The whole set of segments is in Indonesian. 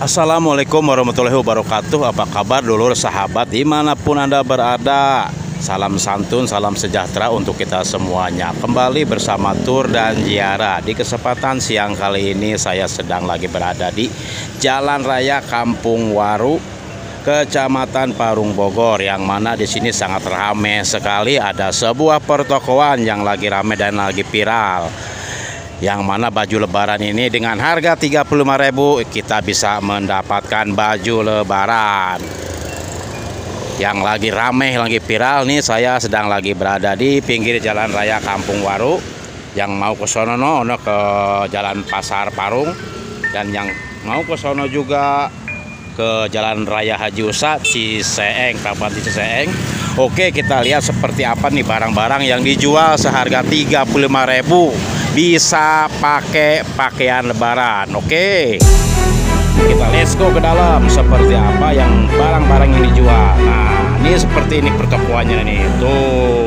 Assalamualaikum warahmatullahi wabarakatuh Apa kabar dulur sahabat dimanapun anda berada Salam santun, salam sejahtera untuk kita semuanya Kembali bersama Tur dan Ziarah Di kesempatan siang kali ini saya sedang lagi berada di Jalan Raya Kampung Waru Kecamatan Parung Bogor yang mana di sini sangat ramai sekali ada sebuah pertokoan yang lagi ramai dan lagi viral yang mana baju lebaran ini dengan harga 35.000 kita bisa mendapatkan baju lebaran yang lagi rame lagi viral nih saya sedang lagi berada di pinggir jalan raya Kampung Waru yang mau ke sono no, ke jalan Pasar Parung dan yang mau ke sono juga ke jalan raya Haji Usa Ciseeng Kabupaten Ciseeng Oke kita lihat seperti apa nih barang-barang yang dijual seharga 35.000 bisa pakai pakaian lebaran oke okay? kita let's go ke dalam seperti apa yang barang-barang ini jual? nah ini seperti ini pertokoannya nih tuh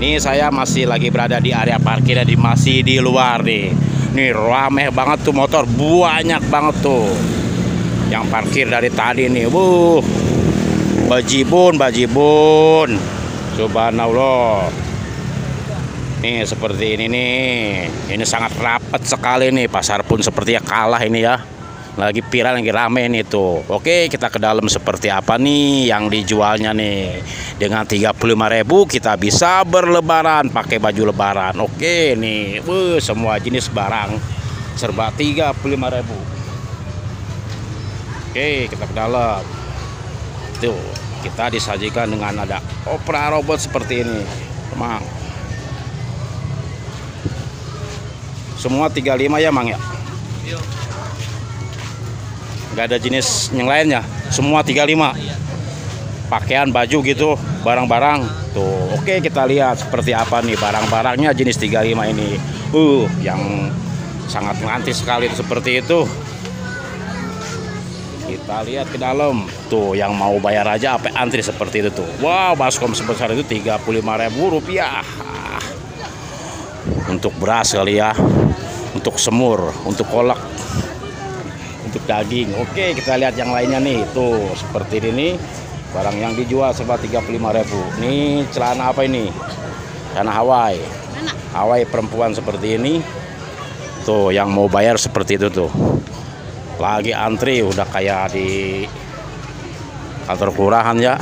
ini saya masih lagi berada di area parkir dan masih di luar nih nih rameh banget tuh motor banyak banget tuh yang parkir dari tadi nih wuh bajibun bajibun subhanallah Nih seperti ini nih. Ini sangat rapat sekali nih pasar pun sepertinya kalah ini ya. Lagi viral lagi rame nih tuh. Oke, kita ke dalam seperti apa nih yang dijualnya nih. Dengan ribu kita bisa berlebaran pakai baju lebaran. Oke nih. Wuh, semua jenis barang serba ribu. Oke, kita ke dalam. Tuh, kita disajikan dengan ada opera robot seperti ini. Emang Semua 35 ya, Mang ya? Gak ada jenis yang lainnya. Semua 35. Pakaian, baju gitu, barang-barang. Tuh, oke kita lihat seperti apa nih barang-barangnya jenis 35 ini. Uh, yang sangat nganti sekali seperti itu kita lihat ke dalam tuh yang mau bayar aja apa antri seperti itu tuh wow baskom sebesar itu 35.000 rupiah untuk beras kali ya untuk semur untuk kolak untuk daging oke kita lihat yang lainnya nih tuh seperti ini barang yang dijual sebab 35.000 ini celana apa ini celana Hawaii Hawaii perempuan seperti ini tuh yang mau bayar seperti itu tuh lagi antri udah kayak di kantor kelurahan ya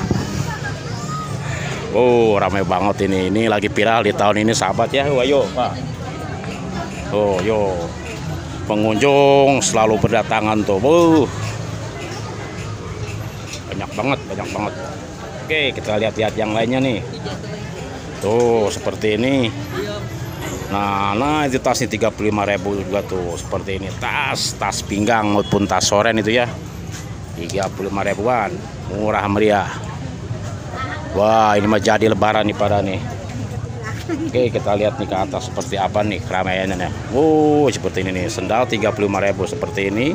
Oh ramai banget ini ini lagi viral di tahun ini sahabat ya wayo Pak Oh, yo. Pengunjung selalu berdatangan tuh. Wuh. Banyak banget, banyak banget. Oke, kita lihat-lihat yang lainnya nih. Tuh, seperti ini. Nah, nah itu tas nih 35.000 juga tuh seperti ini. Tas, tas pinggang maupun tas soren itu ya. 35 ribuan murah meriah wah ini mah jadi lebaran nih pada nih Oke kita lihat nih ke atas seperti apa nih keramaiannya nih. Wow seperti ini nih sendal ribu seperti ini.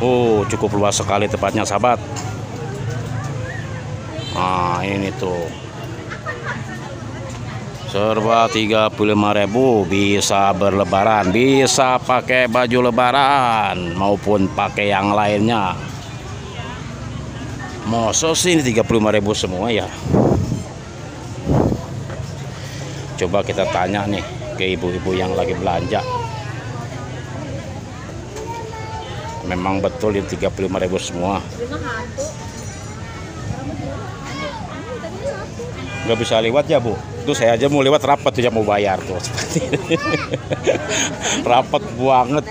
Oh cukup luas sekali tempatnya sahabat. Nah ini tuh serba ribu bisa berlebaran bisa pakai baju lebaran maupun pakai yang lainnya Moso sih ini 35 ribu semua ya Coba kita tanya nih ke ibu-ibu yang lagi belanja Memang betul ini 35 ribu semua Gak bisa lewat ya bu itu saya aja mau lewat rapat aja ya, mau bayar tuh rapat banget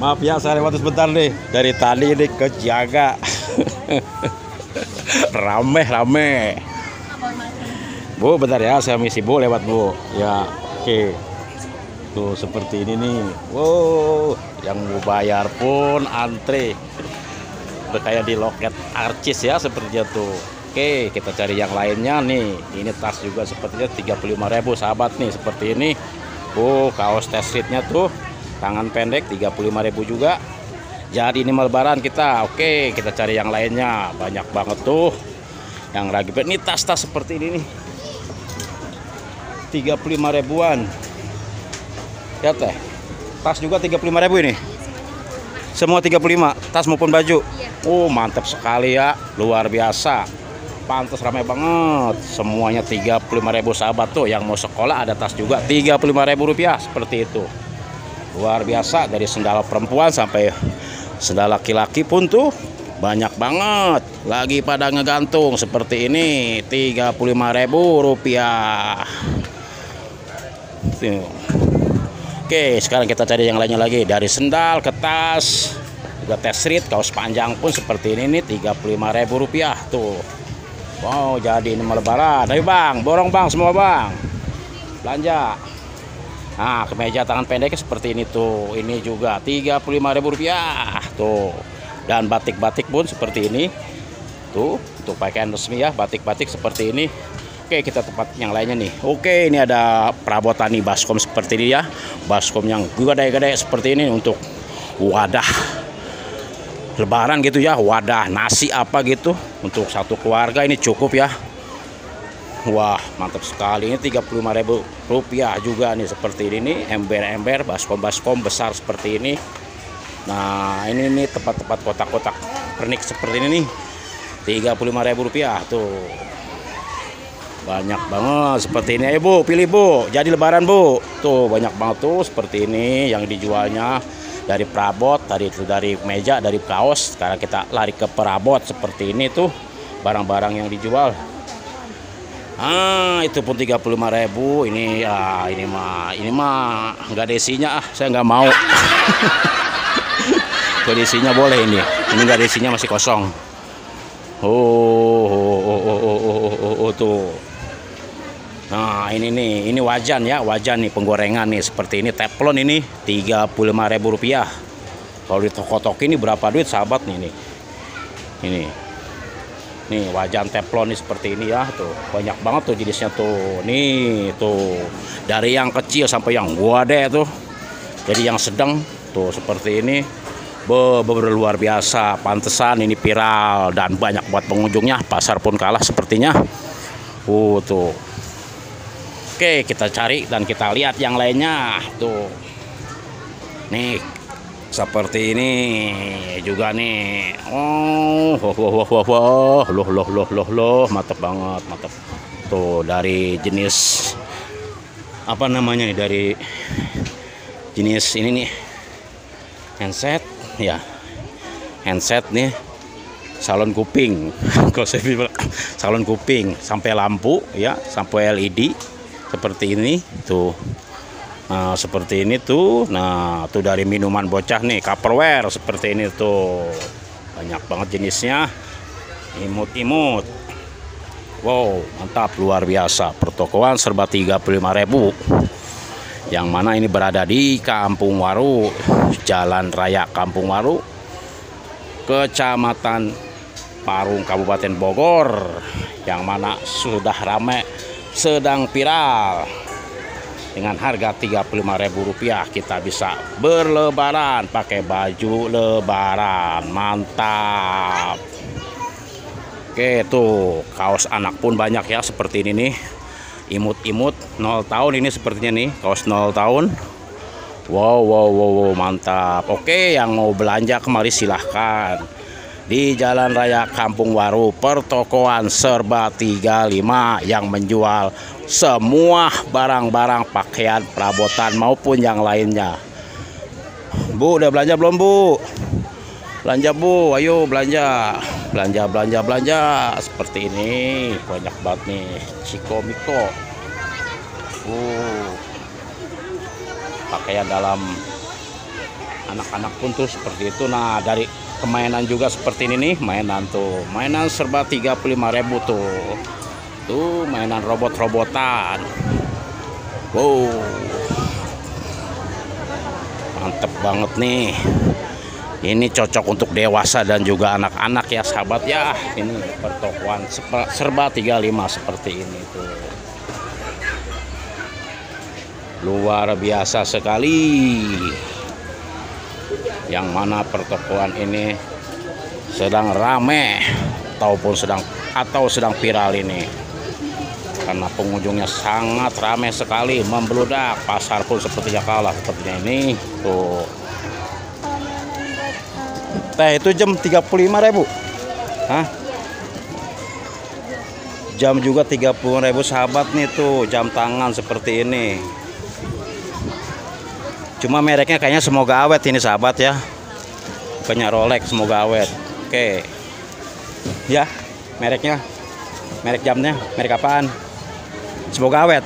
maaf ya saya lewat sebentar nih dari tali ini ke jaga rame rame bu bentar ya saya misi bu lewat bu ya oke okay. tuh seperti ini nih wow yang mau bayar pun antri udah di loket arcis ya seperti itu oke okay, kita cari yang lainnya nih ini tas juga sepertinya 35.000 sahabat nih seperti ini Oh, kaos test tuh tangan pendek 35.000 juga jadi ini lebaran kita oke kita cari yang lainnya banyak banget tuh yang lagi ini tas-tas seperti ini nih 35 ribuan ya teh tas juga 35 ribu ini semua 35 tas maupun baju iya. oh mantap sekali ya luar biasa pantas ramai banget semuanya 35 ribu sahabat tuh yang mau sekolah ada tas juga 35 ribu rupiah seperti itu luar biasa dari sendal perempuan sampai Sendal laki-laki pun tuh banyak banget. Lagi pada ngegantung seperti ini tiga puluh lima ribu rupiah. Oke, sekarang kita cari yang lainnya lagi dari sendal ke tas juga tes read kaos panjang pun seperti ini nih ribu rupiah tuh wow, jadi ini melebaran ayo bang borong bang semua bang belanja Nah, kemeja tangan pendek seperti ini tuh. Ini juga Rp35.000. Ah, tuh. Dan batik-batik pun seperti ini. Tuh, untuk pakaian resmi ya, batik-batik seperti ini. Oke, kita tempat yang lainnya nih. Oke, ini ada perabotan nih baskom seperti ini ya. Baskom yang gede-gede seperti ini untuk wadah lebaran gitu ya, wadah nasi apa gitu untuk satu keluarga ini cukup ya. Wah mantap sekali ini ribu rupiah juga nih seperti ini nih ember-ember baskom-baskom besar seperti ini Nah ini nih tempat-tempat kotak-kotak pernik seperti ini nih ribu rupiah tuh banyak banget seperti ini ya bu pilih bu jadi lebaran bu tuh banyak banget tuh seperti ini yang dijualnya dari perabot dari itu dari meja dari kaos sekarang kita lari ke perabot seperti ini tuh barang-barang yang dijual Ah, itu pun 35.000. Ini ah ini mah ini mah enggak ada ah, saya nggak mau. Kondisinya boleh ini. Ini enggak ada masih kosong. Oh oh, oh, oh, oh, oh, oh, oh, oh, oh tuh. Nah, ini nih, ini wajan ya, wajan nih penggorengan nih seperti ini teflon ini rp rupiah. Kalau di toko-toko ini berapa duit sahabat nih ini. Ini Nih wajan teflon nih seperti ini ya tuh banyak banget tuh jenisnya tuh nih tuh dari yang kecil sampai yang deh tuh jadi yang sedang tuh seperti ini be, be luar biasa pantesan ini viral dan banyak buat pengunjungnya pasar pun kalah sepertinya uh tuh oke kita cari dan kita lihat yang lainnya tuh nih seperti ini juga nih oh wah wah wah wah wah loh loh loh loh loh mantap banget mantap tuh dari jenis apa namanya nih ya, dari jenis ini nih handset ya handset nih salon kuping kalau saya bilang salon kuping sampai lampu ya sampai LED seperti ini tuh Nah, seperti ini tuh. Nah, tuh dari minuman bocah nih, Tupperware seperti ini tuh. Banyak banget jenisnya. Imut-imut. Wow, mantap luar biasa. Pertokoan serba 35.000. Yang mana ini berada di Kampung Waru, Jalan Raya Kampung Waru, Kecamatan Parung Kabupaten Bogor. Yang mana sudah ramai sedang viral dengan harga Rp35.000 kita bisa berlebaran pakai baju lebaran mantap Oke tuh kaos anak pun banyak ya seperti ini nih imut-imut 0 tahun ini sepertinya nih kaos 0 tahun wow wow wow, wow mantap Oke yang mau belanja kemari silahkan di Jalan Raya Kampung Waru pertokoan Serba 35 yang menjual semua barang-barang pakaian perabotan maupun yang lainnya Bu udah belanja belum Bu belanja Bu ayo belanja belanja belanja belanja seperti ini banyak banget nih Ciko Miko uh, pakaian dalam anak-anak pun tuh seperti itu nah dari kemainan juga seperti ini nih mainan tuh mainan serba ribu tuh tuh mainan robot-robotan wow mantep banget nih ini cocok untuk dewasa dan juga anak-anak ya sahabat ya ini pertokoan serba 35 seperti ini tuh luar biasa sekali yang mana pertokoan ini sedang rame ataupun sedang atau sedang viral ini karena pengunjungnya sangat ramai sekali membeludak pasar pun sepertinya kalah sepertinya ini tuh teh itu jam 35 ribu Hah? jam juga 30 ribu sahabat nih tuh jam tangan seperti ini cuma mereknya kayaknya semoga awet ini sahabat ya bukannya Rolex semoga awet oke ya mereknya merek jamnya merek apaan semoga awet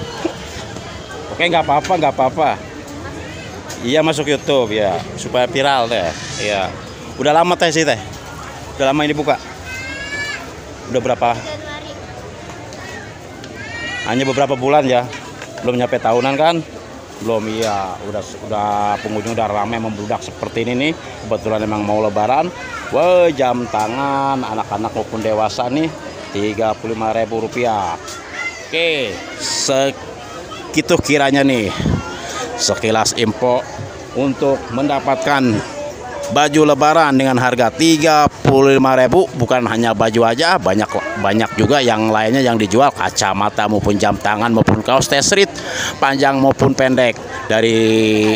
oke nggak apa-apa nggak apa-apa iya masuk YouTube ya supaya viral deh Iya, udah lama teh sih teh udah lama ini buka udah berapa hanya beberapa bulan ya belum nyampe tahunan kan belum iya udah udah pengunjung udah ramai membludak seperti ini nih kebetulan emang mau lebaran wah jam tangan anak-anak maupun dewasa nih tiga puluh ribu rupiah oke segitu kiranya nih sekilas info untuk mendapatkan baju lebaran dengan harga 35.000 bukan hanya baju aja banyak banyak juga yang lainnya yang dijual kacamata maupun jam tangan maupun kaos t-shirt panjang maupun pendek dari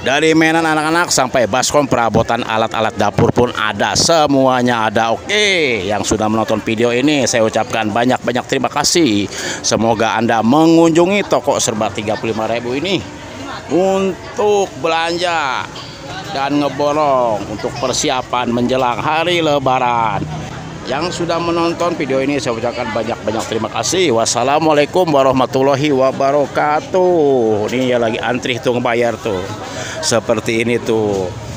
dari mainan anak-anak sampai baskom perabotan alat-alat dapur pun ada semuanya ada oke yang sudah menonton video ini saya ucapkan banyak-banyak terima kasih semoga anda mengunjungi toko serba 35.000 ini untuk belanja dan ngeborong untuk persiapan menjelang hari lebaran yang sudah menonton video ini saya ucapkan banyak-banyak terima kasih wassalamualaikum warahmatullahi wabarakatuh ini ya lagi antri tuh bayar tuh seperti ini tuh